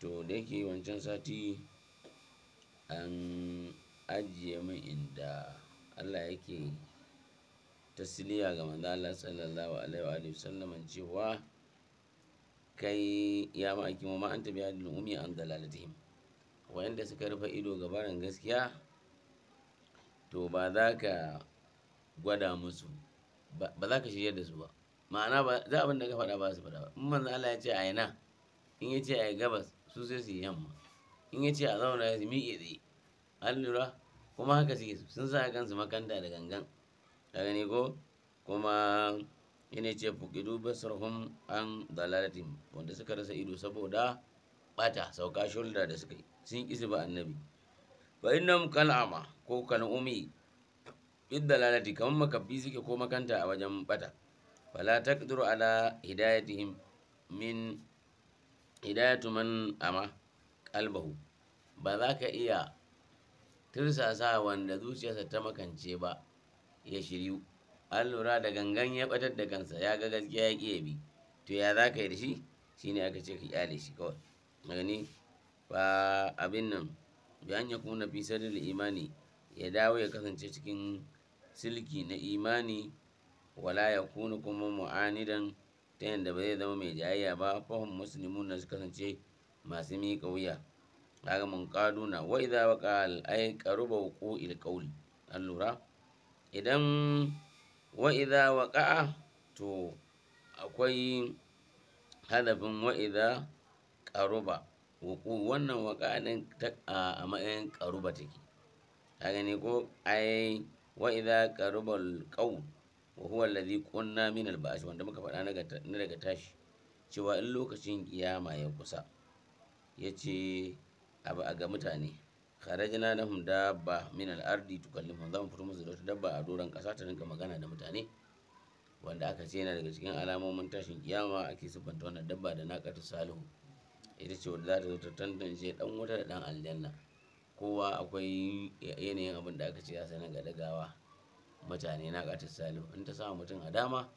to da yake wancan sati an ajiye min inda Allah yake tasiliya ga manzo Allah sallallahu alaihi wa alihi cewa kai ya ma'aiki ma an tabi hadin umi an dalalatihim wayanda suka rufe ido ga barin gaskiya to ba za ka gwada musu ba za ka shirya da su ba ma'ana ba za abin da ka faɗa ba su faɗa ba in manzo Allah ya ce a yana in ya ce a gabas su sai su yi yamma in ya ce a zauna ya miƙe tsaye an lura kuma haka suke sun sa kansu makanta da gangan daga ne ko kuma yana ce fukidu basarhum an dalalatin wanda suka rasa ido saboda bata sauka shulda da suka yi sun kisi ba annabi fa innam kal'ama ko kal'umi bid dalalati kamar makabbi suke ko makanta a wajen bata fala taqdiru ala hidayatihim min hidayatu man ama kalbahu ba za ka iya tirsasa wanda zuciyarsa ta makance ba ya shiryu an lura da gangan ya batar da kansa ya ga gaskiya ya kiya bi to ya za ka yi da shi shine aka ce ka kyale shi kawai gani ba abin nan an ya kuna fi sadar imani ya dawo ya kasance cikin silki na imani wala ya kuna kuma mu'anidan ta yadda ba zai zama mai jayayya ba fahim musulmi na su kasance masu miƙa wuya kaga mun na wa idza waqa al ay qaruba ko ilkauli an lura idan wa idza to akwai hadafin wa idza qaruba wuqu wannan waqa din a matsayin qaruba take ka gani ko ai wa idza qarubal qawl wa huwa allazi qunna min al-ba'th wanda muka faɗa na daga tashi cewa in lokacin kiyama ya kusa yace abu a ga mutane kharajna na dabba min al-ardi tukallimuhum zamu fito musu da dabba a doron kasa ta rinka magana da mutane wanda aka ce yana daga cikin alamomin tashin kiyama ake siffanta wannan dabba da naqatu salihu ita ce wadda za ta zo ta tantance dan wuta da dan aljanna kowa akwai yanayin abin da aka ce ya sanar ga dagawa mutane na katar salim in ta samu mutum a dama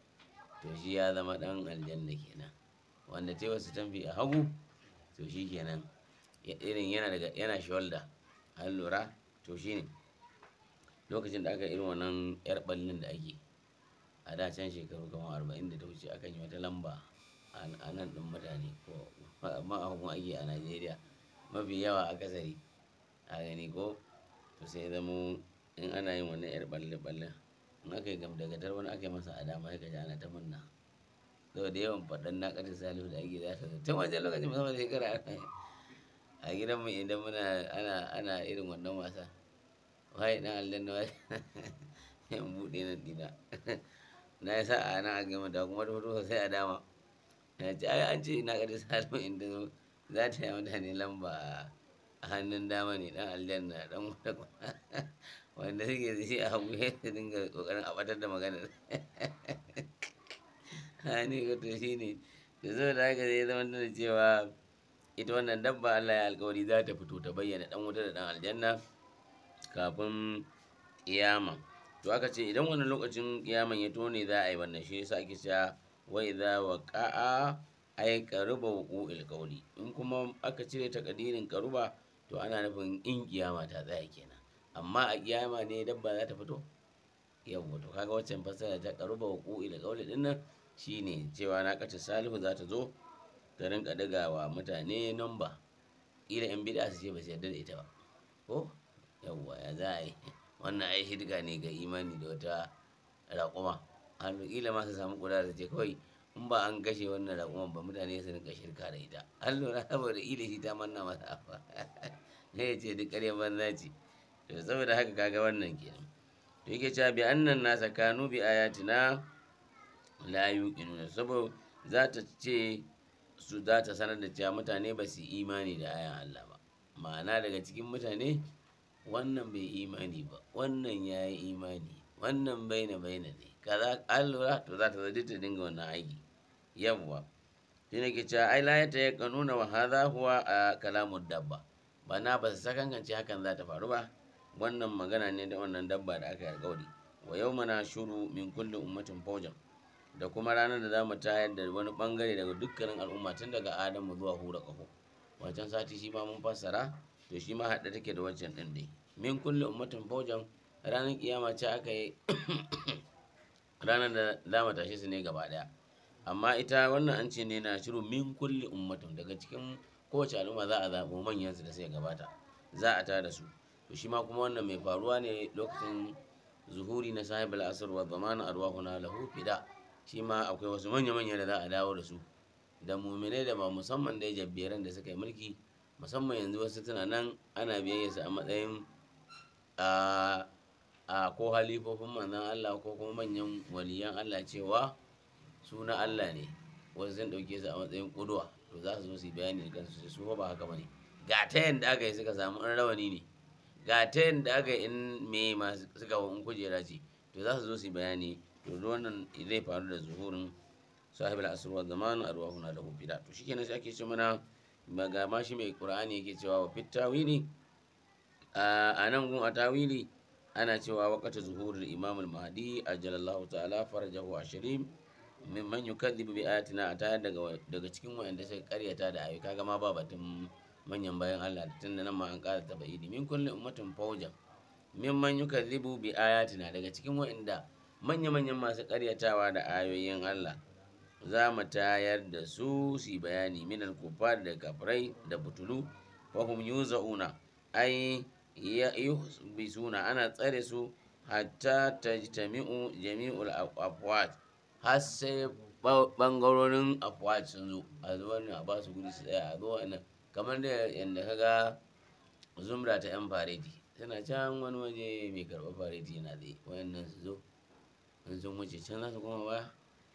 to shi ya zama ɗan aljanna kenan wanda ta wasu tamfi a hagu to shi kenan irin yana daga yana shoulder an lura to shi ne lokacin da aka irin wannan yar ballin da ake a da can shekaru kamar arba'in da ta wuce akan yi wata lamba a nan ɗin mutane ko amma a hukun ake a najeriya mafi yawa a kasari a gani ko to sai zama in ana yin wannan yar balle balle in aka yi gam daga wani aka yi masa a dama ya gaji ana ta munna saboda yawan faɗan na ƙarfi salihu da ake zata zai tun wajen lokacin musamman shekara a gidanmu idan muna ana irin wannan wasa wai dan allan na yan buɗe nan dina na yi sa'a nan a gama da kuma rubutu sosai a dama ya ce ai an ce na ƙarfi salihu inda za ta yi mutane lamba a hannun dama ne dan allan na dan wata wanda suke da shi a hagu ya ta dinga kokarin a batar da magana maganar hani wato shi ne da zo da haka zai zama da cewa ita wannan dabba allah ya alkawari za ta fito ta bayyana dan wuta da dan aljanna kafin kiyama to aka ce idan wannan lokacin kiyaman ya tone za a yi wannan shi yasa ake cewa wa idza waqa'a karuba qaruba wuqu'il in kuma aka cire takadirin karuba to ana nufin in kiyama ta tsaya kenan amma a kiyama ne dabba za ta fito yawwa to kaga waccan fassara ta karuba wa ƙu'i da ƙauli din nan shine cewa na kace salihu za ta zo ta rinka daga wa mutane namba ƙila in bid'a su ce ba su yarda da ita ba ko yawa ya za a yi wannan ai hidga ne ga imani da wata raƙuma hannu ƙila ma su samu kula da ce kawai in ba an kashe wannan raƙuman ba mutane su rinka shirka da ita hannu na saboda ƙila shi ta manna masa afa ne ya ce duk ƙarya banza ce to saboda haka kaga wannan kenan to yake cewa bi annan nasa kanu bi ayatina la yuqinu saboda za ta ce su za ta sanar da cewa mutane ba su imani da ayan Allah ba ma'ana daga cikin mutane wannan bai imani ba wannan ya yi imani wannan baina baina ne kaza an to za ta zaje ta dinga wannan aiki yawwa shi ne ke cewa ai la ta yakanuna wa hadha huwa kalamun dabba bana ba su sakankance hakan za ta faru ba wannan magana ne da wannan dabba da aka yi alkawari wa yau mana shuru min kulli ummatin faujan da kuma ranar da za mu tayar da wani bangare daga dukkanin al'umma tun daga adamu zuwa hura ƙaho wancan sati shi ma mun fassara to shi ma haɗe take da wancan ɗin dai min kulli ummatin faujan ranar kiyama ce aka yi ranar da za mu tashi su ne gaba ɗaya amma ita wannan an ce ne na shiru min kulli ummatin daga cikin kowace al'umma za a zaɓo manyan su da sai gabata za a tada su to shi ma kuma wannan mai faruwa ne lokacin zuhuri na sahibul asr wa zamana arwahuna lahu fida shi ma akwai wasu manya-manya da za a dawo da su da mumine da ba musamman da jabberan da suka yi mulki musamman yanzu wasu tana nan ana biyayya su a matsayin a ko halifofin manzon Allah ko kuma manyan waliyan Allah cewa suna Allah ne wasu sun dauke su a matsayin kuduwa to za su zo su yi bayani da kansu su ba haka bane ga ta yanda aka yi suka samu an rawani ne ga ta yadda aka in me masu suka in kujera ce to za su zo su bayani to wannan zai faru da zuhurin sahib al-asr wa zaman arwahuna lahu fida to kenan sai ake ce mana ga ma shi mai qur'ani yake cewa wa fitawili a nan gun a tawili ana cewa wakata zuhurin imam al-mahdi ajalallahu ta'ala farajahu ashirin mimman yukadhibu bi ayatina a daga daga cikin wayanda suka karyata da ayyuka gama ba batun manyan bayan Allah da tunda nan ma an ƙara taba idi min kulli ummatin faujan mimman yukazzibu bi ayatina daga cikin wa'inda manya-manyan masu ƙaryatawa da ayoyin Allah za mu tayar da su su bayani minal kufar da kafirai da butulu wa hum yuzauna ai yuhbisuna ana tsare su hatta tajtami'u jami'ul afwat har sai bangarorin afwat sun zo a zuwa ne a ba su gudu su tsaya a zuwa nan kamar da yadda ka ga zumra ta yan faredi tana can wani waje mai karɓa faredi yana da wayannan su zo in sun wuce can za su koma baya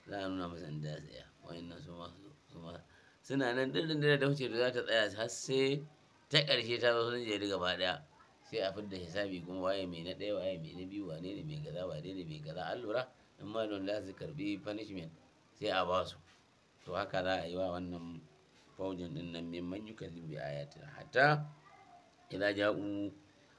za a nuna masa inda tsaya wayannan su ma su ma suna nan dindin da ta wuce da za ta tsaya har sai ta ƙarshe ta zo sun je gaba ɗaya sai a fidda hisabi kuma waye mai na ɗaya waye mai na biyu wane ne mai kaza wane ne mai kaza an lura in ma don za su karbi punishment sai a ba su to haka za a yi wa wannan faujin din nan mimman yi bi ayatina hatta idan ja'u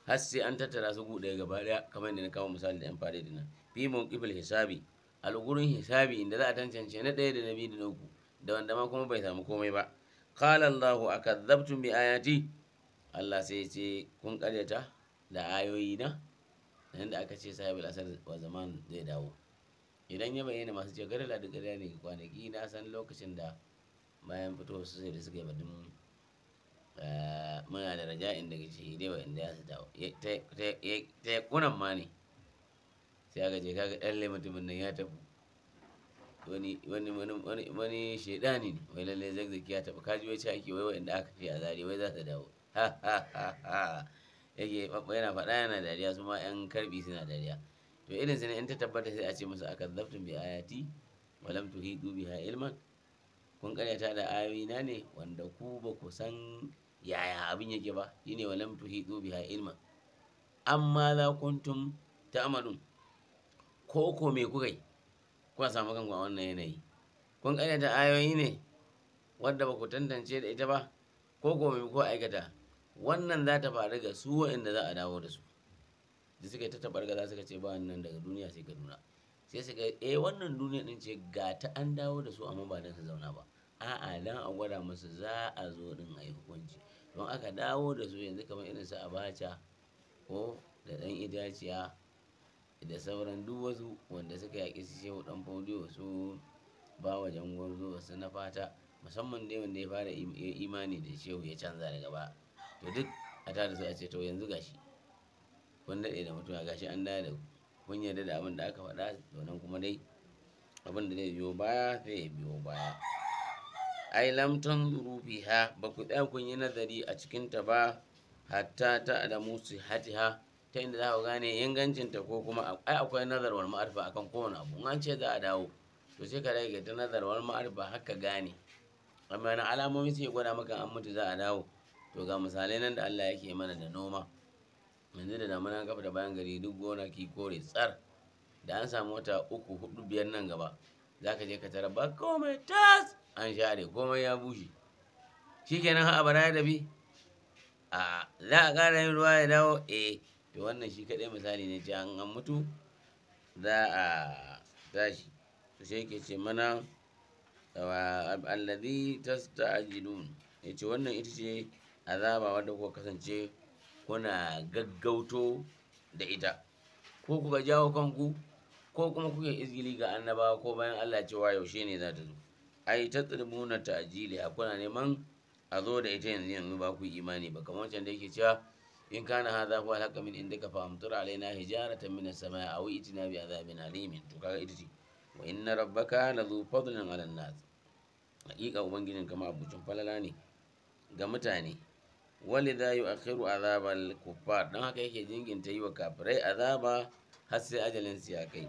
har sai an tattara su gudai gaba daya kamar da na kawo misali da yan fare dinan fi mawqifil hisabi al hisabi inda za a tantance na ɗaya da na biyu da na uku da wanda ma kuma bai samu komai ba qala Allahu akadzabtum bi ayati Allah sai ce kun karyata da ayoyi na inda aka ce sahibul asar wa zaman zai dawo idan ya bayyana masu ce da gare ne kwanaki na san lokacin da bayan fito su sai da suka yi batun eh, muna da raja raja'in ce shahidai wa'inda ya su dawo ta yi kunan ma ne sai aka je kaga ɗan mutumin nan ya tafi wani wani wani wani shaidani ne wai lalle zagzaki ya tafi kaji wai caki wai wa'inda aka ce a zari? wai za su dawo ha ha ha ha yake yana faɗa yana dariya su ma 'yan karbi suna dariya to irin su ne in ta tabbata sai a ce musu akazzabtum bi ayati walam tuhi dubi ha ilman kun karyata da amina ne wanda ku ba ku san yaya abin yake ba shine wa lam tuhidu biha ilma amma la kuntum ta'malun ko ko me kuka yi kuka samu kanku a wannan yanayi kun karyata ayoyi ne wadda ba ku tantance da ita ba ko ko me kuka aikata wannan za ta faru ga su waɗanda za a dawo da su da suka yi ta tabargaza suka ce ba nan daga duniya sai nuna sai suka eh wannan duniya din ce ga ta an dawo da su amma ba dan su zauna ba a'a dan a gwada musu za a zo din a yi hukunci don aka dawo da su yanzu kamar irin su abacha ko da ɗan itaciya da sauran duk wasu wanda suka yaƙi su shehu ɗan fodiyo su ba wa jangon su na fata musamman dai wanda ya fara imani da shehu ya canza da gaba. to duk a tada su a ce to yanzu gashi kun daɗe da mutuwa gashi an dawo da kun yarda da abin da aka faɗa domin kuma dai abin da zai biyo baya sai ya biyo baya ai lamton tanzuru ha ba ku ɗaya kun yi nazari a cikinta ba hatta ta adamu su hatiha ta inda za ku gane ingancinta ko kuma ai akwai nazarwar ma'arfa akan kowane abu an ce za a dawo to sai ka rage ta nazarwar ma'arfa haka gane amma na alamomi sai gwada maka an mutu za a dawo to ga misalai nan da Allah yake mana da noma yanzu da damuna kafa da bayan gari duk gona ki kore tsar da an samu wata uku hudu biyar nan gaba za ka je ka tara ba komai tas an share komai ya bushe shikenan ha abara ya dabi a za a ƙara yin ruwa ya dawo E, to wannan shi kaɗai misali ne ce an mutu za a tashi to shi ke ce mana alladhi tasta'jilun ya ce wannan ita ce azaba wadda kuka kasance kuna gaggauto da ita ko kuka jawo kanku ko kuma kuke izgili ga annabawa ko bayan Allah cewa yaushe ne za ta zo ai ta tsirmuna ta ajili a kuna neman a zo da ita yanzu yanzu ba ku imani ba kamar wancan da yake cewa in kana haza huwa haka min indika fa amtur alaina hijaratan min as-samai aw itina bi na alimin to kaga ita ce wa inna rabbaka la dhu fadlin ala nas hakika ubangijin kama abucin falala ne ga mutane walidha yu'akhiru azabal kuffar dan haka yake jinginta yi wa kafirai azaba har sai ajalin su ya kai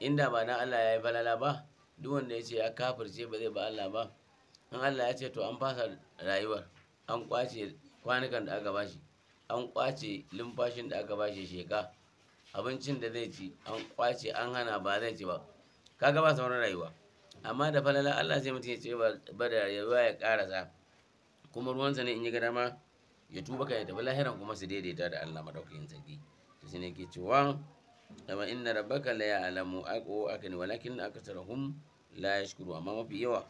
inda ba na Allah ya yi falala ba duk wanda ya ce ya kafirce ba zai ba Allah ba in Allah ya ce to an fasa rayuwar an kwace kwanukan da aka bashi an kwace lumfashin da aka bashi sheka abincin da zai ci an kwace an hana ba zai ci ba kaga ba sauran rayuwa amma da falala Allah sai mutum ya ce ba da rayuwa ya karasa kuma ruwansa ne in yi gada ma ya tuba ka ya tafi lahiran kuma su daidaita da Allah madaukakin sarki to sai ke cewa kama inna rabbaka la ya'lamu aqo akan walakin aktharuhum la yashkuru amma mafi yawa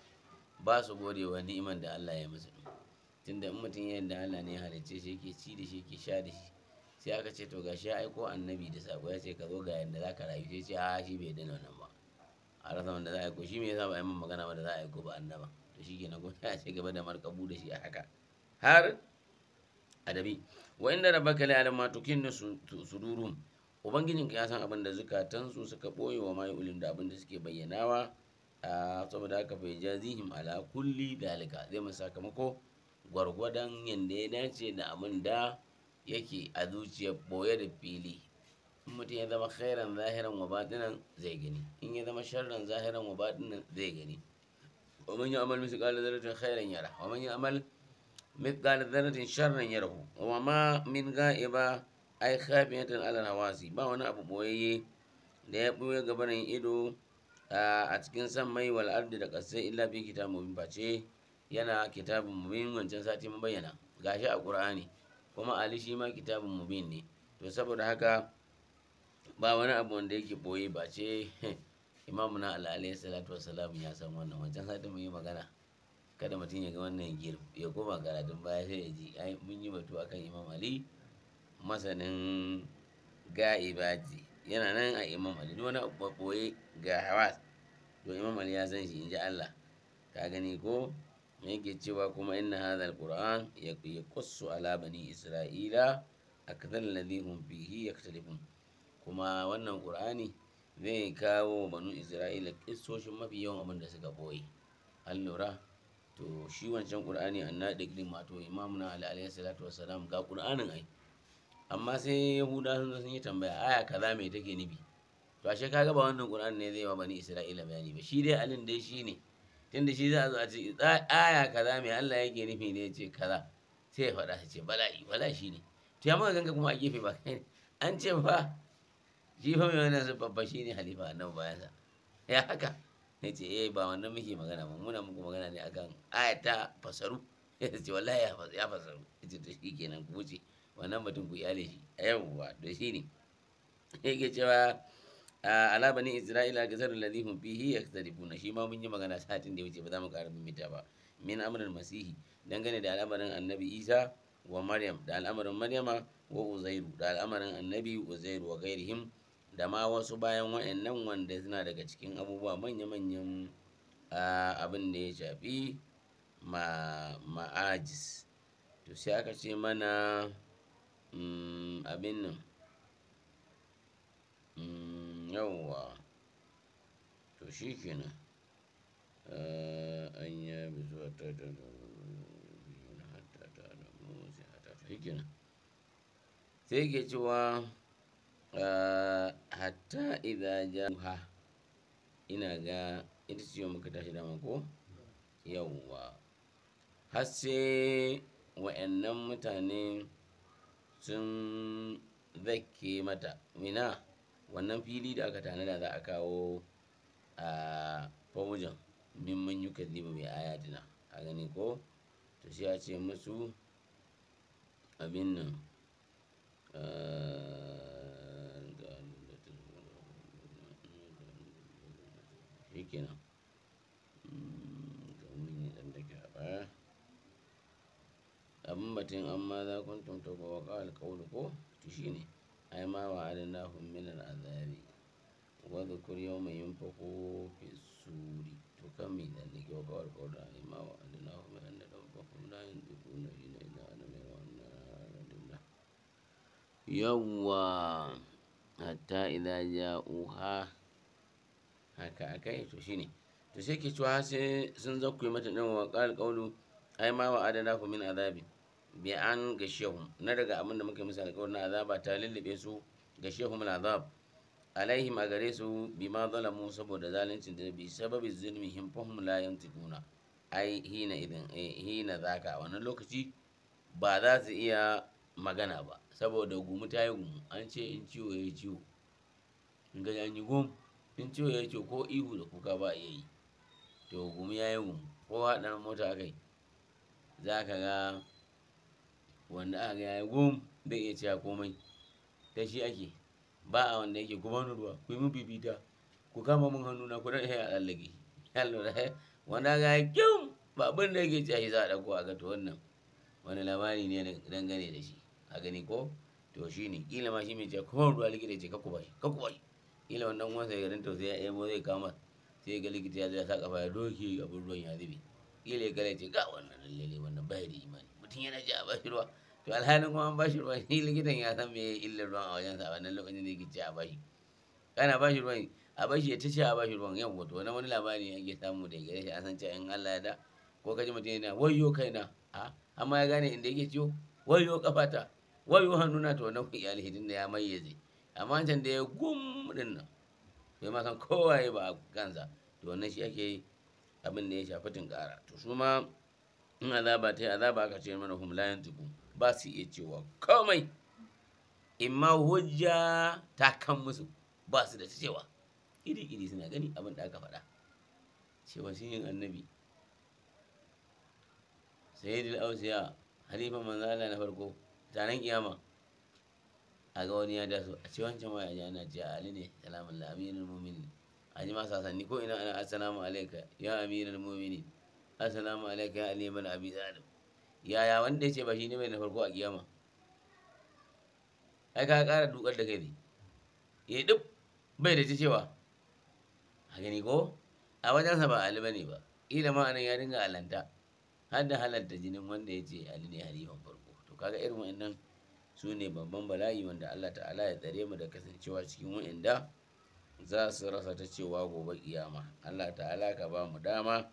ba su gode wa ni'imar da Allah ya musu tunda in mutum yadda Allah ne halicce shi yake ci da shi yake sha da shi sai aka ce to gashi ya aiko annabi da sako ya ce ka zo ga yadda zaka rayu sai ce a shi bai dana wannan ba a rasa wanda za a aiko shi me yasa ba a yi min magana ba da za a aiko ba annaba to shi ke na gwamnati a ce gaba da markabu da shi a haka har adabi wa inda rabbaka la ya'lamu ma tukinnu sudurum ubangijin ya san abin da zukatansu suka ɓoye wa mayu ulin da abin da suke bayyanawa a saboda haka bai jazihim ala kulli dalika zai masa sakamako gwargwadon yadda ya dace da abin da yake a zuciyar boye da fili in mutum ya zama khairan zahiran wa batinan zai gani in ya zama sharran zahiran wa batinan zai gani wa man amal mithqala dharratin khairan yara wa man amal mithqala dharratin sharran yara wa ma min ga'iba ai khafiyatan ala nawasi ba wani abu boyayye da ya buya gabanin ido a cikin san mai wal ardi da kasai illa fi kitabun mubin bace yana kitabun mubin wancan sati mun bayyana gashi a qur'ani kuma ali shi ma kitabun mubin ne to saboda haka ba wani abu wanda yake boye ce imamu na alalai salatu wassalam ya san wannan wancan sati mun yi magana kada mutum ya ga wannan ya koma garadin baya sai ya ji mun yi batu akan imam ali masanin ga'ibati yana nan a imam ali duk wani ɓoye ga hawas to imam ali ya san shi in allah ka gani ko me yake cewa kuma inna hadha alquran yaqussu ala bani isra'ila akthar alladhi hum fihi yakhtalifun kuma wannan qur'ani zai kawo banu isra'ila kissoshin mafi yawan abin da suka boye allura to shi wancan qur'ani annabi din mato imamuna ali alayhi salatu wassalam ga qur'anin ai amma sai yahuda sun zo sun yi tambaya aya kaza me take nufi to ashe kaga ba wannan qur'an ne zai ba bani isra'ila bayani ba shi dai alin dai shi ne tunda shi za a zo a ce aya kaza me Allah yake nufi ne ya ce kaza sai ya faɗa su ce bala'i bala shi ne to ya muka ganka kuma a gefe ba kai an ce fa shi fa mai wannan babba shi ne halifa annabi sa. ya haka ya ce eh ba wannan muke magana ba muna muku magana ne akan ayata fasaru ya ce wallahi ya fasaru ya ce to shi kenan ku wuce wannan mutum ku iyale shi yawwa da shi ne yake cewa ala bani isra'ila gazar alladhi hum fihi yaktarifuna shi ma mun yi magana satin da wuce ba za mu ƙara mimita ba min amurin masihi dangane da al'amarin annabi isa wa maryam da al'amarin maryama wa uzairu da al'amarin annabi uzairu wa gairihim da ma wasu bayan wa'annan wanda suna daga cikin abubuwa manya-manyan abin da ya shafi ma'ajis to sai aka ce mana abin nan yawwa to shi kenan an ya bi zuwa ta da biyun hatta ta da motsi hatta ta shi kenan sai ke cewa hatta idan ja ha ina ga ita ce yau muka tashi dama ko yawwa har sai wa'annan mutane sun zake mata mina wannan fili da aka tanada za a kawo a famujan mimman yi kazibu mai ayatina a gani ko to shi ya ce musu abin nan shi kenan ummatin amma za kun to ba wa al qawl ko to shine ai ma wa adnahum min al azabi yau mai yin fako fi suri to kan mai da mi dan ne a yi mawa da ai ma wa adnahum min an da ba kun la yunfiquna ila na ana mai wannan radilla yawwa hatta idza ja'uha haka akai to shi ne to sai ke cewa sai sun zakkuyi mata ɗan wa qal qawlu ai ma wa adana min azabi bi an gashiyahum na daga abin da muke musu alƙawarin na azaba ta lullube su gashiyahum al'azab alaihi a gare su bi ma zalamu saboda zaluncin da bi sababi zulmihim fahum la yantiquna ai hina idan eh, hina zaka a wannan lokaci ba za su iya magana ba saboda gumu ta yi gumu an ce in ciwo ya yi ciwo in ga yanyi gum in ciwo ya yi ciwo ko ihu da kuka ba a yi to gumu ya yi gumu ko haɗa mota yi za ka ga wanda aka ga yayi gum iya cewa komai da shi ake ba a wanda yake gubanarwa ku yi mun bibita ku kama mun hannuna ku rage ya tsallake eh. wanda ga kyau ba abin da yake cewa shi za a ɗauko a ga to wannan wani labari ne dangane da shi a gani ko to shi ne kila ma shi mai cewa kuma ruwa likita ce kakku bashi kakku bashi kila wannan wasa ya garin tausayi ya ɗebo zai kama sai ga likita ya zai sa kafa ya doke abin ruwan ya zube kila ya kare ce ga wannan lalle wannan bai da imani mutum yana ji a bashi ruwa to alhalin kuma an bashi ruwa shi likitan ya san meye illar ruwan a wajen sa wannan lokacin ne ke ci a bashi kana bashi ruwan a bashi ya ta ci a bashi ruwan yau to wani wani labari ake samu da gare shi a san cewa in Allah ya da ko kaji mutum yana wayyo kaina a amma ya gane inda yake ciwo wayo kafata wayo hannuna to na iyali hidin da ya mayyaze amma can da ya gum din nan bai ma san kowaye ba kansa to wannan shi ake abin da ya shafi tunkara to su ma in azaba ta yi azaba aka ce mana hum layan tuku ba su iya cewa komai imma hujja ta kan musu ba su da cewa iri iri suna gani abin da aka faɗa cewa shi yin annabi sayyidul ausiya halifa manzo na farko taron kiyama a ga wani ya su a cewa wancan waya ji ji ali ne salamun la mu'minin a ji ma sasanni ko ina ana assalamu alayka ya aminul mu'minin assalamu alaikum ya aliyu mana abi zalim yaya wanda ya ce ba shi ne mai na farko a kiyama ai ka kara dukar da kai ne ya eh, duk bai da cewa a gani ko a wajensa ba ali ne ba ila ma'anin ya dinga alanta har da halarta jinin wanda ya ce ali ne halifan farko to kaga irin wa'annan su ne babban bala'i wanda allah ta'ala ya tsare mu da kasancewa cikin wa'anda za su rasa ta cewa gobe kiyama allah ta'ala ka ba mu dama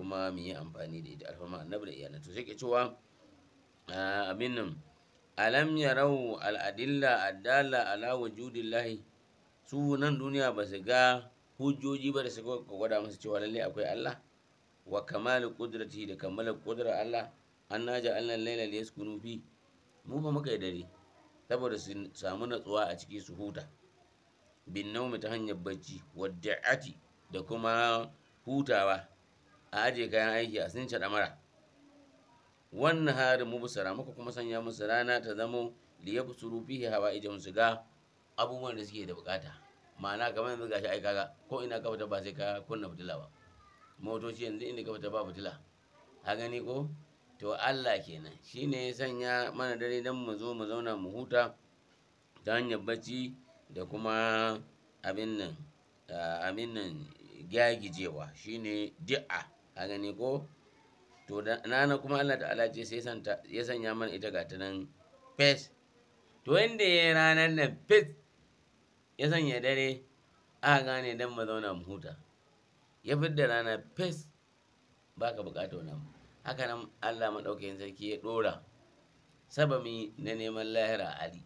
kuma mu yi amfani da ita alfama annabi da iyalan to sai cewa abin nan alam yarau al'adilla addala ala wujudillahi su nan duniya ba su ga hujjoji ba da suka gwada masa cewa lallai akwai Allah wa kamal qudrati da kamal qudrar Allah an ja'alna Allah laila liyaskunu fi mu ba muka yi dare saboda su samu natsuwa a ciki su huta bin naumi ta hanyar bacci wadda da kuma hutawa a ajiye kayan aiki a sun mara wannan harin mubusara muka kuma sanya musu rana ta zamo liya busuru fiye hawa ijin su ga abubuwan da suke da bukata ma'ana kamar yanzu gashi ai kaga ko ina ka ba sai ka kunna fitila ba motoci yanzu inda ka ba fitila a gani ko to Allah kenan shine ya sanya mana dare dan mu zo mu zauna mu huta ta hanyar bacci da kuma abin nan abin nan gyagijewa shine di'a a gani ko to nana kuma Allah ta'ala ce sai ya sanya mana ita ga nan fes to wanda ya yi ranar nan fes ya sanya dare aka gane dan mu zauna mu huta ya fidda rana fes baka bukata wannan haka nan Allah maɗaukakin sarki ya ɗora sabami na neman lahira Ali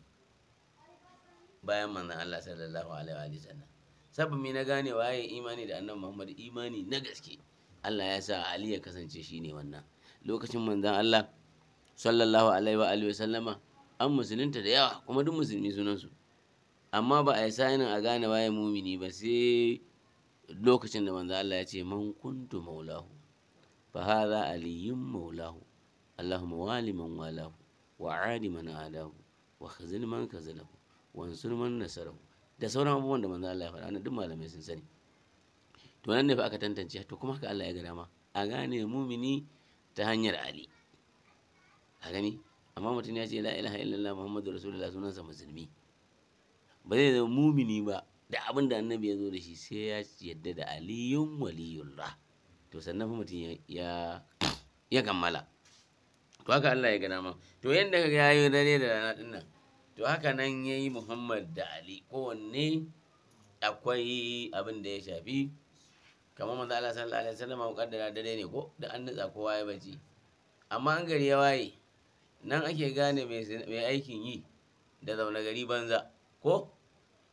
bayan manzon Allah sallallahu alaihi wa sallam sabami na gane waye imani da annabi Muhammad imani na gaske Allah ya sa Ali ya kasance shi ne wannan lokacin manzon Allah sallallahu alaihi wa alihi sallama an musulunta da yawa kuma duk musulmi sunan su amma ba a yi sanin a gane waye mumini ba sai lokacin da manzon Allah ya ce man kuntu maulahu fa hadha aliyyun maulahu allahumma wali man walahu wa adi man adahu wa khazil man khazalahu wa ansur man nasarahu da sauran abubuwan da manzon Allah ya faɗa duk malamai sun sani to nan ne fa aka tantance to kuma haka Allah ya ga dama a gane mumini ta hanyar ali a gani amma mutum ya ce la ilaha illallah muhammadu rasulullah sunansa musulmi ba zai zama mumini ba da abin da annabi ya zo da shi sai ya yadda da aliyun waliyullah to sannan fa mutum ya ya kammala to haka Allah ya ga dama to yanda kaga yayi dare da rana din nan to haka nan yayi Muhammad da Ali kowanne akwai abin da ya shafi kamar manzo Allah sallallahu alaihi wasallam da dare ne ko da an nutsa kowa ya baci amma an gari ya waye nan ake gane mai aikin yi da zauna gari banza ko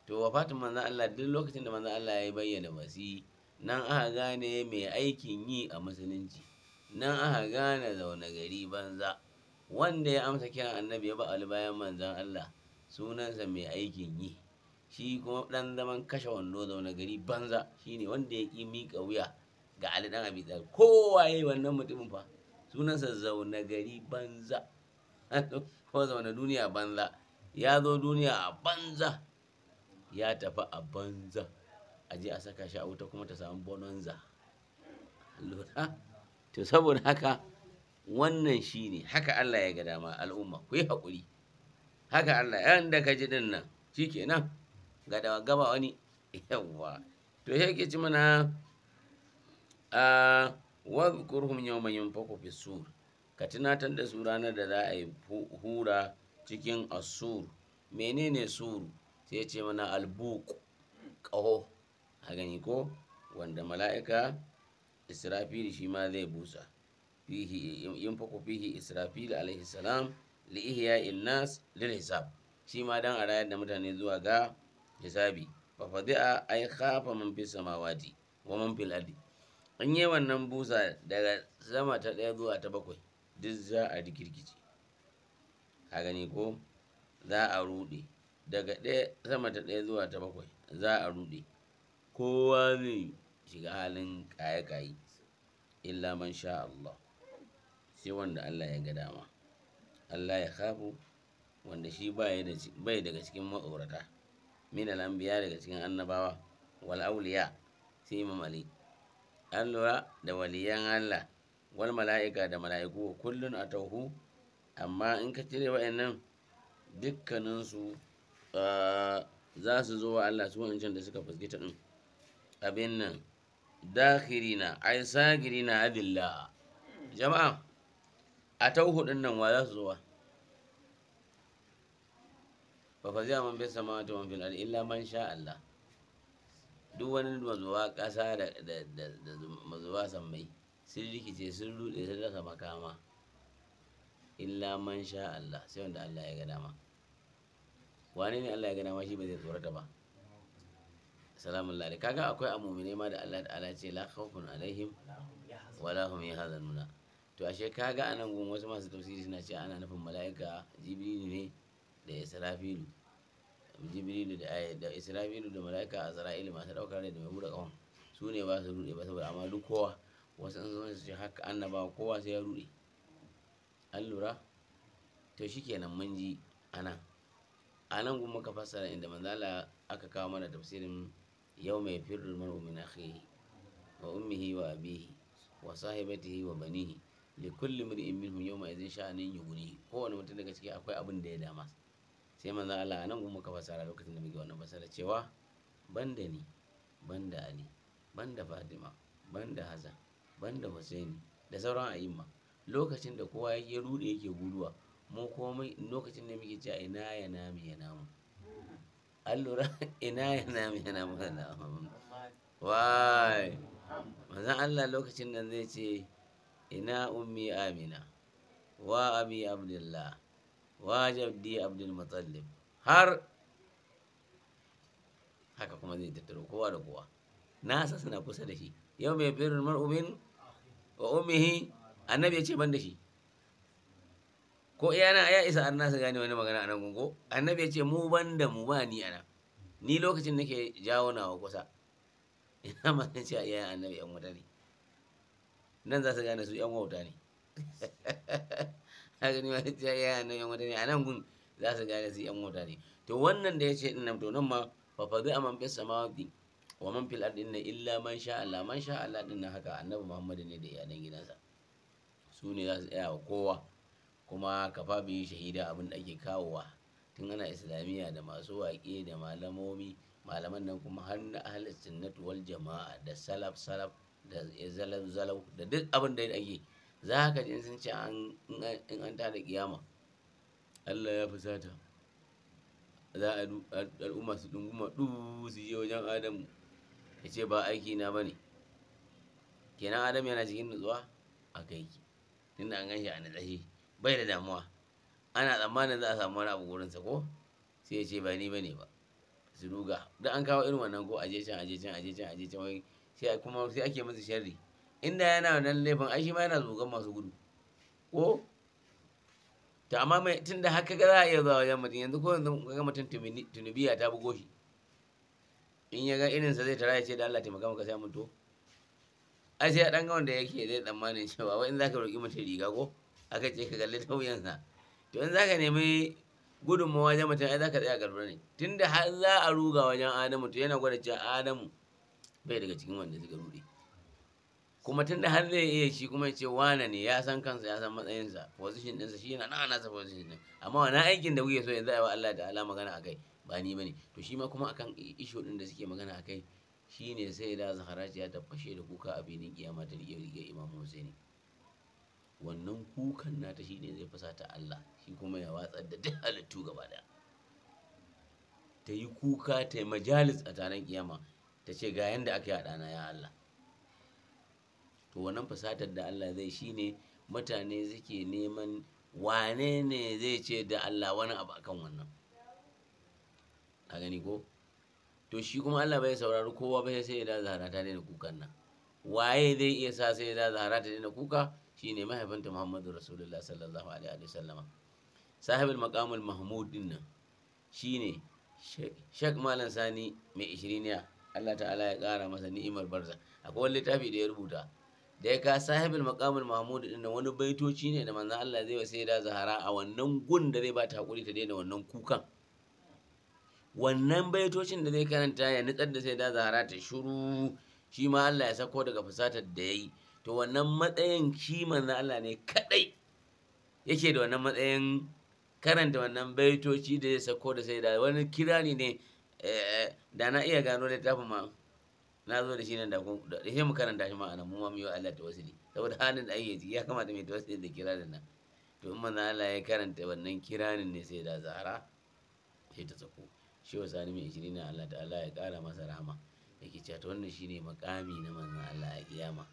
to wafatin manzo Allah duk lokacin da manzo Allah ya bayyana basi nan aka gane mai aikin yi a musulunci nan aka gane zauna gari banza wanda ya amsa kiran annabi ya ba albayan manzon Allah sunansa mai aikin yi shi kuma dan zaman kashe wando wani gari banza shine wanda ya ki mika wuya ga Ali dan Abi Talib kowa wannan mutumin fa sunansa zaune gari banza ko zaune duniya banza ya zo duniya a banza ya tafi a banza a je a saka shi a wuta kuma ta samu bononza lura to saboda haka wannan shine haka Allah ya ga dama al'umma ku yi haƙuri haka Allah yanda ka ji din nan shikenan ga da gaba wani yawwa to ya ke ci mana a wadhkurhum yawma yunfaku fi sur ka tunatar da su ranar da za a yi hura cikin asur menene sur sai ya ce mana albuk ƙaho a gani ko wanda mala'ika israfil shi ma zai busa fihi yunfaku fihi israfil alaihi salam li ihya nas lil hisab shi ma dan a rayar da mutane zuwa ga hisabi fa fadi'a ay khafa man fis samawati wa man fil ardi an yi wannan busa daga sama ta ɗaya zuwa ta bakwai duk za a rikirkice ka gani ko za a ruɗe daga ɗaya sama ta ɗaya zuwa ta bakwai za a ruɗe kowa zai shiga halin kaye-kaye illa man sha Allah sai wanda Allah ya ga dama Allah ya khafu wanda shi bai daga cikin ma'aurata min al'anbiya daga cikin annabawa wal auliya sai imam ali an lura da waliyan Allah wal mala'ika da mala'iku kullun a tauhu amma in ka cire wa'annan dukkaninsu za su zo wa Allah su wancan da suka fuskita din abin nan dakhirina ai sagirina adilla jama'a a tauhu din nan wa za su zo wa ba fa zai man bai sama ta man illa man sha Allah duk wani mazuwa ƙasa da mazuwa sammai sun rikice sun rude sun rasa makama illa man sha Allah sai wanda Allah ya ga dama wani ne Allah ya ga dama shi ba zai tsorata ba salamun lalai kaga akwai amumine ma da Allah ala ce la khawfun alaihim wala hum yahzanuna to ashe kaga anan gun wasu masu tafsiri suna ce ana nufin mala'ika jibrilu ne da israfilu jibrilu da israfilu da mala'ika azra'ilu masu ɗaukar ne da mai buɗe ƙahon su ne ba su ruɗe ba saboda amma duk kowa wasu an zama su ce haka annaba kowa sai ya ruɗe an lura to kenan mun ji anan anan kuma ka fassara inda manzala aka kawo mana tafsirin yau mai firrul mar'u min akhihi wa ummihi wa abihi wa sahibatihi wa banihi li kulli mar'in minhum yawma idhin sha'anin yughnihi kowane mutum daga ciki akwai abin da ya dama sai manzan Allah nan kuma muka fasara lokacin da muke wannan fasara cewa banda ni banda Ali banda Fatima banda Hassan banda Husaini da sauran a'imma lokacin da kowa ya rude yake guduwa mu komai lokacin da muke cewa ina ya nami ya namu allura ina ya nami ya namu da namu wai manzan Allah lokacin nan zai ce ina ummi amina wa abi abdullah di abdul mutallib har haka kuma zai tattaro kowa da kowa Na suna kusa da shi yau mai firin mar'umin wa umihi annabi ya ce ban da shi ko iyana ya isa an nasa gane wani magana a nan gungo annabi ya ce mu ban da mu ba ni ana ni lokacin nake jawo nawa kusa ina masan cewa iyayen annabi yan wuta ne nan za su gane su yan wauta ne a gani wani ta ya nan yan wata ne a nan gun za su gane su yan wata ne to wannan da ya ce ɗin nan to nan ma fa a man ma samawati wa man fil ardi illa man sha Allah man sha Allah din nan haka annabi Muhammad ne da iyalan gidansa su ne za su tsaya wa kowa kuma kafa bi shahida abin da ake kawowa tun ana islamiyya da masu waƙe da malamomi malaman nan kuma har na ahlus sunnati wal jama'a da salaf salaf da zalau da duk abin da ake za ka ji sun ce in an tada kiyama Allah ya fusata za a al'umma su dunguma du su je wajen Adamu ya ce ba aiki na bane kenan Adamu yana cikin nutsuwa a kai tunda an ganshi a natsashi bai da damuwa ana tsammanin za a samu wani abu gurinsa ko sai ya ce ba ni bane ba su ruga Da an kawo irin wannan ko aje can aje can aje can aje can wai sai kuma sai ake musu sharri inda yana nan laifin ai shi ma yana zogan masu gudu ko to amma mai tun da haka ga za a iya zuwa wajen mutum yanzu ko yanzu ga mutum tunubiya ta bugo shi in ya ga irinsa zai tara ya ce da Allah taimaka maka sai mun to ai sai dan ga wanda yake zai tsammanin cewa wai in zaka roki mutum riga ko aka ce ka kalli ta sa? to in zaka nemi gudunmawa wajen mutum ai zaka tsaya garba ne tun da har za a ruga wajen Adamu to yana gwada cewa Adamu bai daga cikin wanda suka rude kuma tun da har zai iya shi kuma ya ce wane ne ya san kansa ya san matsayinsa position ɗinsa shi yana nan nasa position ɗin amma wani aikin da kuke so yanzu a Allah da Allah magana akai ba ni ba ne. to shi ma kuma akan isho ɗin da suke magana akai ne sai da zaharaci ya tabbashe da kuka a binin kiyama ta rike riƙe Imam husaini wannan kukan nata ne zai fasa ta Allah shi kuma ya watsar da duk halittu gaba daya ta yi kuka ta yi majalis a taron kiyama ta ce ga yanda aka yi a ɗana ya Allah to wannan fasatar da Allah zai shine mutane suke neman wane ne zai ce da Allah wani abu akan wannan a gani ko to shi kuma Allah bai saurari kowa ba sai ya da zahara ta daina kukan nan waye zai iya sa sai ya da zahara ta daina kuka shine mahaifinta Muhammadu Rasulullah sallallahu alaihi wa sallama sahibul maqamul mahmud din nan shine Sheikh Malam Sani mai ishiriniya Allah ta'ala ya kara masa ni'imar barza akwai wani littafi da ya rubuta da ya ka sahibin maqamul mahmud din wani baitoci ne da manzon Allah zai wasai da Zahara a wannan gun da zai ba ta hakuri ta daina wannan kukan wannan baitocin da zai karanta ya nutsar da sai da Zahara ta shiru shi ma Allah ya sako daga fusatar da yayi to wannan matsayin shi manzon Allah ne kadai yake da wannan matsayin karanta wannan baitoci da zai sako da sai da wani kirani ne eh, da na iya gano littafin ma na zo da shi nan da kun da shi mu karanta shi ma'ana mu ma mu yi wa Allah tawassuli saboda halin da ake ya kamata mai tawassuli da kiranin nan to in manzo Allah ya karanta wannan kiranin ne sai da zahara sai ta tsako shi wa sani mai ishirin na Allah ta'ala ya kara masa rahama yake cewa to wannan shine makami na manzo Allah a kiyama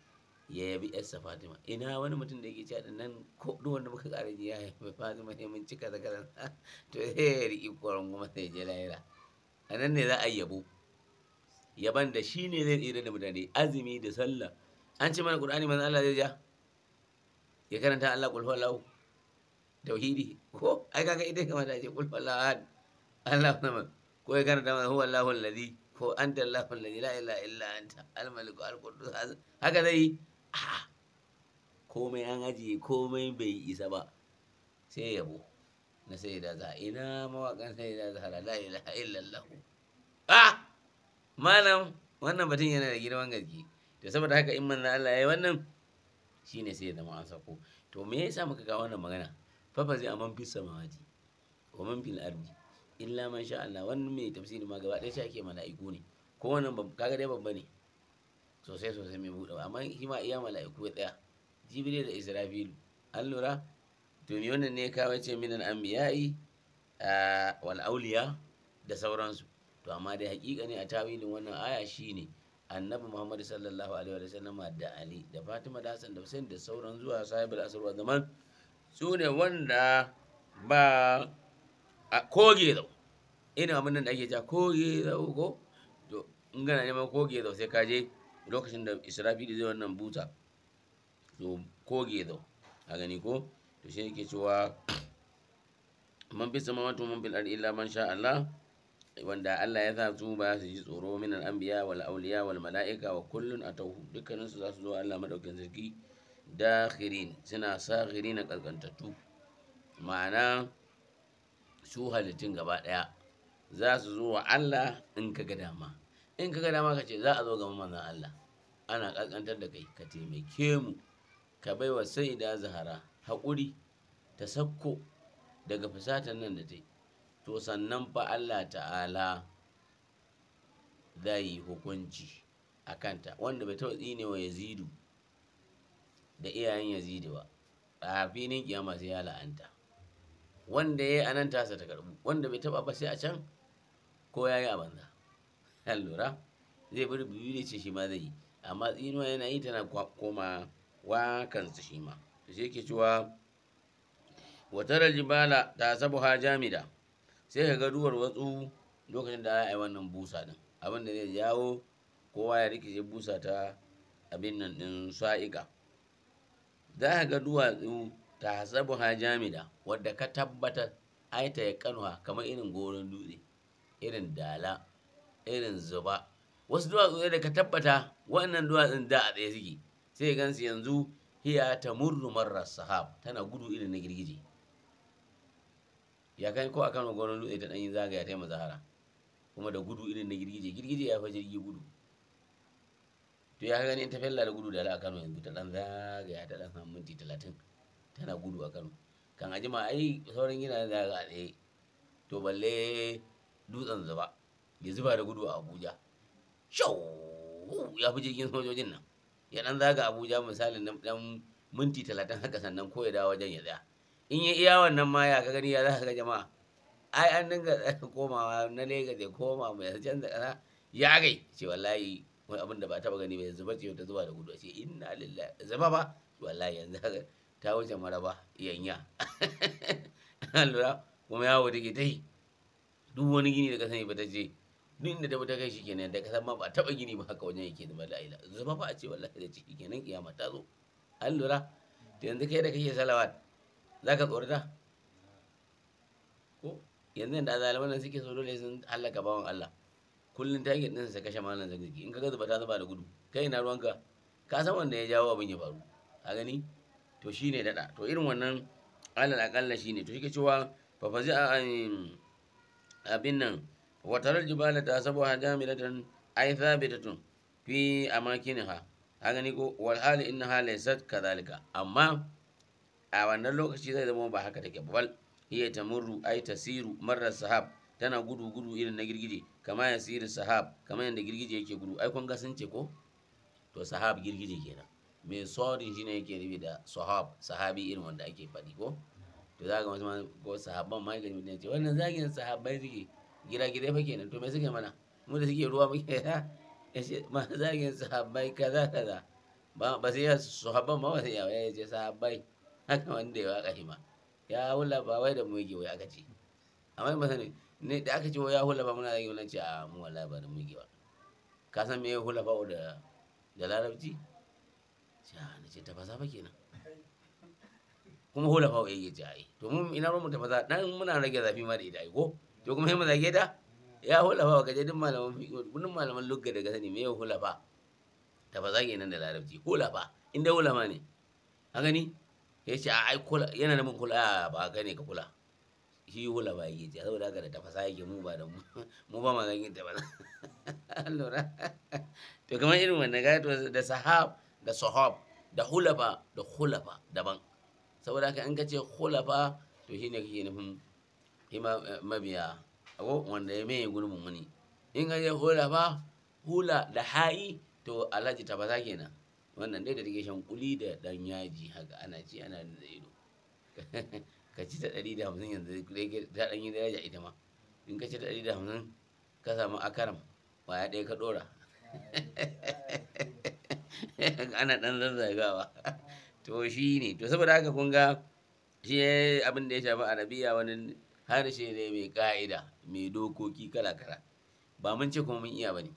ya yabi yarsa Fatima ina wani mutum da yake cewa da nan ko duk wanda muka kare ya yabi Fatima ne mun cika zakaran kaza to eh riki koran kuma sai je lahira anan ne za a yabo yaban da shi ne zai tsira da mutane azumi da sallah an ce mana qur'ani manzo Allah zai ja ya karanta Allah qul huwallahu tauhidi ko ai kaga idan kama da ce qul huwallahu ahad Allah samad ko ya karanta mana huwallahu ladi, ko anta Allahu alladhi la ilaha illa anta almaliku maliku al haka zai komai an ajiye komai bai isa ba sai yabo na sai da za ina mawakan sai da zahara la ilaha illallah ah malam wannan batun yana da girman gaske to saboda haka in manzo Allah ya yi wannan shine sai ya zama an sako to me yasa muka ga wannan magana fa fa zai aman fis samawati wa man fil ardi illa man sha Allah wannan mai tafsiri ma gaba ɗaya shake ake mala'iku ne ko wannan kaga dai babba ne sosai sosai mai buɗe amma shi ma iya mala'iku ɗaya jibril da israfil an lura to me wannan ne kawai ce minan anbiya'i ah, wal auliya da sauransu to amma dai hakika ne a tawilin wannan aya shine annabi muhammad sallallahu alaihi wa sallam da ali da fatima da hassan da hussein da sauran zuwa sahibul asr wa zaman su ne wanda ba a koge zau ina abin nan da ake ja koge zau ko to in gana neman koge zau sai ka je lokacin da israfili zai wannan buta to koge zau a gani ko to shi yake cewa man fi samawatu man fil ardi illa man sha Allah wanda Allah ya sa su ba su ji tsoro min al-anbiya wal awliya wal wa kullun a dukkanin su za su zo Allah madaukakin sarki dakhirin suna na kalkantatu ma'ana su halittun gaba daya za su zo wa Allah in ka ga dama in ka ga dama ka ce za a zo ga manzon Allah ana kalkantar da kai ka taimake mu ka baiwa saida zahara haƙuri ta sakko daga fasatan nan da ta yi to sannan fa Allah ta'ala zai hukunci a kanta wanda bai taɓa tsine wa yazidu da iyayen yazidu ba a finin kiyama sai ya la'anta wanda ya yi a nan tasa ta karbu wanda bai taɓa ba sai a can ko ya yi a banza an lura zai bari biyu ne ce shi ma zai yi amma tsinuwa yana yi tana koma wa kansa shi ma to ke cewa watar jibala ta ha jamida sai ka ga duwar watsu lokacin da ana wannan busa din abin da zai jawo kowa ya rikice busa ta abin nan din za ka ga duwatsu ta hasabu ha jamida wadda ka tabbata aita ya kanuwa kamar irin goron dutse irin dala irin zuba wasu duwatsu da ka tabbata wannan duwatsun da a tsaye suke sai gansu yanzu hiya ta murru marar tana gudu irin na girgije ya kai ko a kano gonar dutse ta ɗanyin zagaya ta yi mazahara kuma da gudu irin na girgije girgije ya fi jirgi gudu to ya gani in tafiyar da gudu da ala a kano yanzu ta ɗan zagaya ta ɗan samun minti talatin tana gudu a kano kan jima ai sauran gina da a tsaye to balle dutsen zuba ya zuba da gudu a abuja shau ya fi jirgin sojojin nan ya ɗan zaga abuja misalin dan minti talatin haka sannan ko ya dawo wajen ya tsaya in yi iya wannan ma ya gani ya za ka ga jama'a ai an dinga komawa na lega zai koma mai ya canza kasa ya gai ce wallahi wani abin da ba taba gani ba zuba ce ta zuba da gudu ce inna lillahi zama ba wallahi yanzu ta wuce maraba yanya lura kuma ya take ta yi duk wani gini da ka sani ba ta ce duk inda ta kai shi kenan da kasan ma ba taba gini ba haka wajen yake zama la'ila zama ba a ce wallahi da ciki kenan kiyama ta zo an lura yanzu kai da kake salawat za ka tsorata ko yanzu da azalaman nan suke so dole sun hallaka bawan Allah kullum target din sa kashe malam zagzagi in ka ga zuba ta zuba da gudu kai na ruwanka ka san wanda ya jawo abin ya faru a gani to shine dada to irin wannan alal akalla shine to shike cewa fa fazi um, abin nan wa jibala ta sabu jamilatan ay thabitatun fi amakiniha a gani ko wal hali inna halaysat kadhalika amma a wannan lokaci zai zama ba haka take bal hiya tamurru ay tasiru marra sahab tana gudu gudu irin na girgije kama siri sahab kama yanda girgije yake gudu ai kun ga sun ce ko to sahab girgije kenan mai sorin shine yake rubi da sahab sahabi irin wanda ake faɗi ko to za ga wasu ko sahabban ma ga mutum ce wannan zagin sahabbai suke gira gira fa kenan to me suke mana mu da suke ruwa muke ya ce ma zagin sahabbai kaza kaza ba ba sai sahabban ma ba sai ya ce sahabbai haka wanda ya waka hima ya hula ba wai da mugi wai aka ce amma ba sani ne da aka ce ya hula ba muna zagi wannan ce a ah, mu wala ba da mugi ba ka san me ya hula ba da da larabci ya ah, na ce tafasa ba kenan kuma hula fa yake ji ai to mun ina ruwan tafasa dan muna rage zafi ma da ita ai ko to kuma sai zage da ya hula fa kaje duk malaman fiqh duk malaman lugga daga sani me ya hula ba tafasa kenan da larabci hula ba inda hula ma ne a gani ya ce a ai kula yana da mun kula ba ka ne ka kula shi hula ba yake ce saboda haka da tafasa yake mu ba da mu ba maganin ta ba lura to kamar irin wannan ga to da sahab da sahab da hulafa da hulafa daban saboda haka in ka ce hulafa to ne kake nufin hima eh, mabiya ko wanda ya mai gurbin wani in ka ce hulafa hula da ha'i to alhaji tafasa kenan wannan dai da take shan kuli da dan yaji haka ana ci ana da ido ka ci ta ɗari da hamsin yanzu ta ɗan yi daraja ita ma in ka ci ta ɗari da hamsin ka samu akaram ya ɗaya ka ɗora ana ɗan zazzagawa to shi ne to saboda haka kun ga shi abin da ya shafi arabiya wani harshe ne mai ka'ida mai dokoki kala kala ba mun ce kuma mun iya ba ne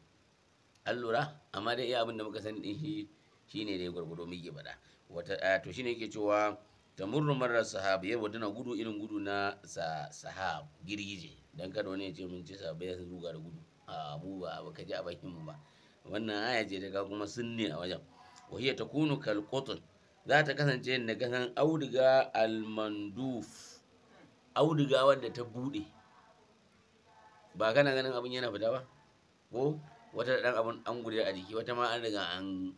an lura amma dai iya abin da muka sani ɗin shi shine dai gwargwado muke bada wata eh, to shine yake cewa tamurru marar sahab yabo dana gudu irin gudu na sahab girgije dan kada wani ya ce mun ce sahabai ya ruga da gudu a mu ba ka ji a bakin mu ba wannan aya ce daga kuma sunni a wajen hiya takunu kal qutl za ta kasance ga san auduga manduf auduga wanda ta bude ba kana ganin abin yana fita ba ko wata dan abun an gure a jiki wata ma an riga an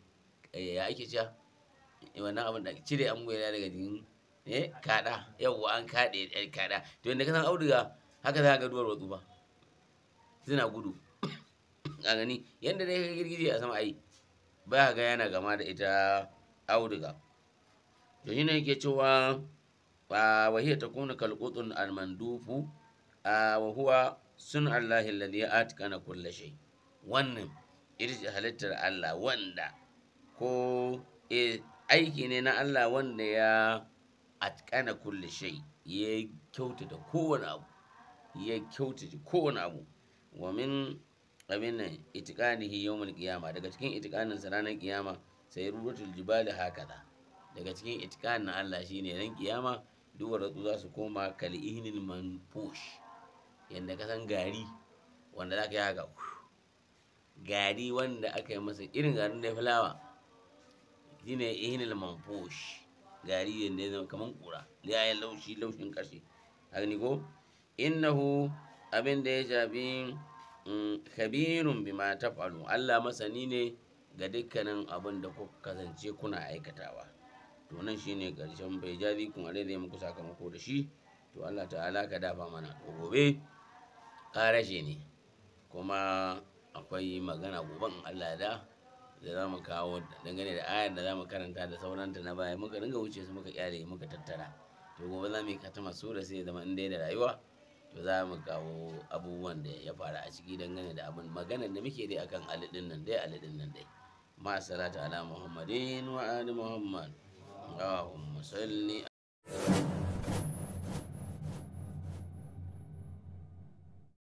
Eh, ya ake cewa wannan abin da cire amgoya daga jikin eh kada yau an kade kada to inda kasan auduga haka za ga duwar watsu ba suna gudu a gani yadda dai girgije a sama ai ba ga yana gama da ita auduga to shi ne yake cewa wa ta kuna kalqutun almandufu wa huwa sun allahi alladhi atkana kulli shay wannan ita halittar Allah wanda ko eh, aiki ne na Allah wanda ya atkana kulle shai ya kyautata kowane abu ya kyautata kowane abu wa min abin nan itiqanihi yawon qiyama daga cikin itikanin ranar kiyama sai rurutul jibali hakaza daga cikin itikanin Allah shine ran kiyama duk ratsu za su koma kal man manfush yanda ka san gari wanda zaka yi haka gari wanda aka yi masa irin garin da fulawa shine ihnil manfush gari ne zama kaman kura da ya laushi laushin kashi haka ni ko innahu abin da ya shafi mm, khabirun bima taf'alu Allah masani ne ga dukkanin abin da ku kasance kuna aikatawa to nan shine karshen bai jazi kun dai zai muku sakamako da shi to Allah ta'ala ka dafa mana to gobe karashe ne kuma akwai magana gobe in Allah da da za mu kawo dangane da ayar da za mu karanta da sauranta na baya muka ringa wuce su muka kyale muka tattara to gobe za mu yi katama sura sai zama in dai da rayuwa to za mu kawo abubuwan da ya fara a ciki dangane da abin maganar da muke dai akan alidin nan dai alidin nan dai ma salatu ala muhammadin wa ali muhammad allahumma salli